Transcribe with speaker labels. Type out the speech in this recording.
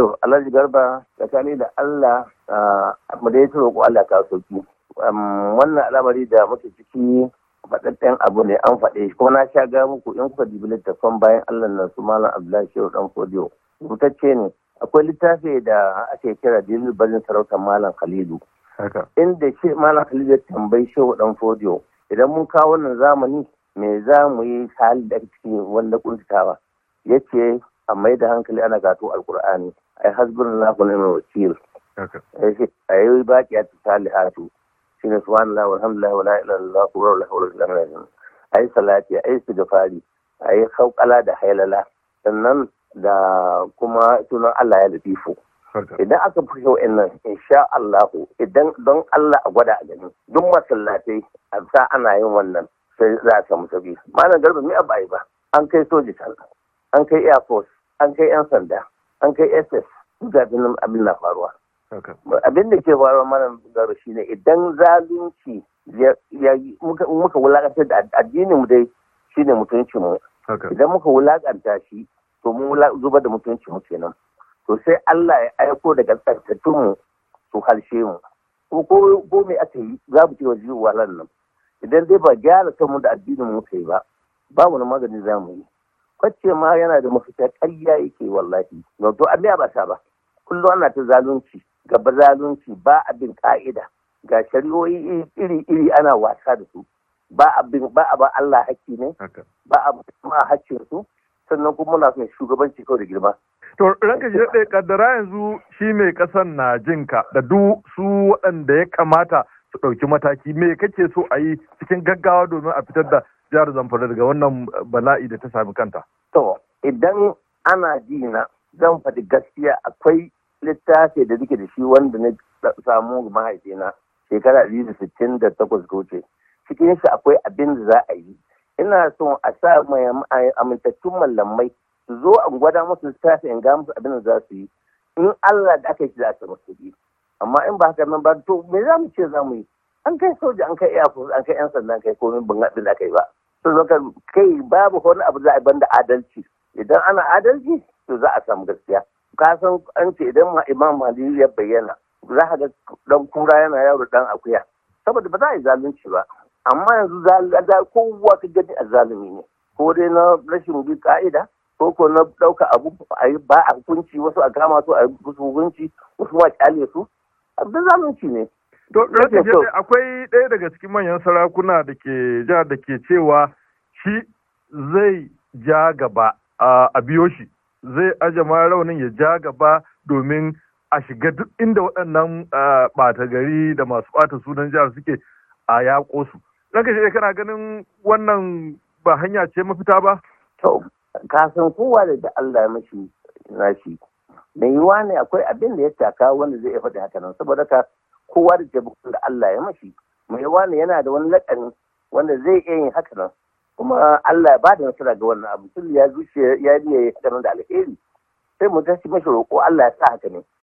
Speaker 1: To Alhaji Garba tsakani da Allah mu dai ta roƙo Allah ta sauki. Wannan al'amari da muke ciki faɗaɗɗen abu ne an faɗe shi kuma na sha ga muku in kuka dibi littafan bayan Allah na su Malam Abdullahi Shehu Dan Kodiyo. Rutacce ne akwai littafi da ake kira Dilil Barin Sarautar Malam Khalilu. Inda shi Malam Khalilu ya tambayi Shehu Dan Kodiyo, idan mun kawo wannan zamani me za mu yi hali da ake wanda kuntatawa. Ya ce a mai da hankali ana gato alkur'ani ai hasbun lahu mai wakil a yi baki a salihatu shine subhanallah walhamdulillah wala ilaha illallah wa la hawla wala quwwata illa a yi salati ai a yi haukala da hailala sannan da kuma sunan Allah ya latifu idan aka fi yau nan insha Allah idan don Allah a gwada a gani duk masallatai a sa ana yin wannan sai za a samu sabi malam garba mi abai ba an kai soji can an kai air an kai 'yan sanda an kai ss kafin abin na faruwa abin da ke faruwa mana garo shi ne idan zalunci muka wulakantar da addinin mu dai shi ne mutuncin mu idan muka wulakanta shi to mu zuba da mutuncin mu kenan to sai Allah ya aiko daga tsarkatun mu su halshe mu ko ko me aka yi za mu ce wa jiwa nan idan dai ba gyara kanmu da addinin mu kai ba babu na magani za mu yi kwace ma yana da mafita ƙarya yake wallahi wato a miya ba sa ba kullum ana ta zalunci gaba zalunci ba bin ka'ida ga shari'o'i iri-iri ana wasa da su ba abin ba a ba Allah hakki ne ba a a hakkin su sannan kuma muna son shugabanci kawai da girma to ranka ji daɗe
Speaker 2: kaddara yanzu shi mai kasan na jin ka da duk su waɗanda ya kamata su ɗauki mataki me kake so a yi cikin gaggawa domin a fitar da jihar Zamfara daga wannan bala'i da ta sami kanta? To,
Speaker 1: idan ana ji na zan faɗi gaskiya akwai littafi da nake da shi wanda na samu mahaifina shekara biyu sittin da wuce. Cikin shi akwai abin da za a yi. Ina so a sa amintattun mallamai su zo a gwada musu littafi in ga musu abin da za su yi. In Allah da aka yi za su musu Amma in ba haka nan ba to me za mu ce za mu yi? an kai soja an kai airforce an kai yan sanda an kai komin ban haɗin da aka yi ba to kai babu wani abu za a banda adalci idan ana adalci to za a samu gaskiya ka san an ce idan ma imam mali ya bayyana za ka ga dan kura yana yaro dan akuya saboda ba za a yi zalunci ba amma yanzu kowa ka gani a zalumi ne ko dai na rashin bi ka'ida ko ko na ɗauka abu ba a hukunci wasu a gama su a yi hukunci wasu ma kyale su abin zalunci ne Eh,
Speaker 2: akwai ɗaya daga cikin manyan sarakuna da ke ja da ke cewa shi zai ja gaba a biyo shi zai aje ma raunin ya ja gaba domin a shiga duk inda waɗannan ɓata gari da masu ɓata sunan jihar suke a yaƙo su. Ranka shi kana ganin wannan ba hanya ce mafita ba?
Speaker 1: To, kasan kowa da Allah mashi nashi. Da yiwa ne akwai abin da ya taka wanda zai faɗi haka nan saboda ka kowa da taimakon da Allah ya mashi mai wani yana da wani lakani wanda zai iya yin haka nan kuma Allah ya ba da nasara ga wannan abu tun ya zuciya ya yi ya da alheri sai mu tashi mashi roƙo Allah ya sa haka ne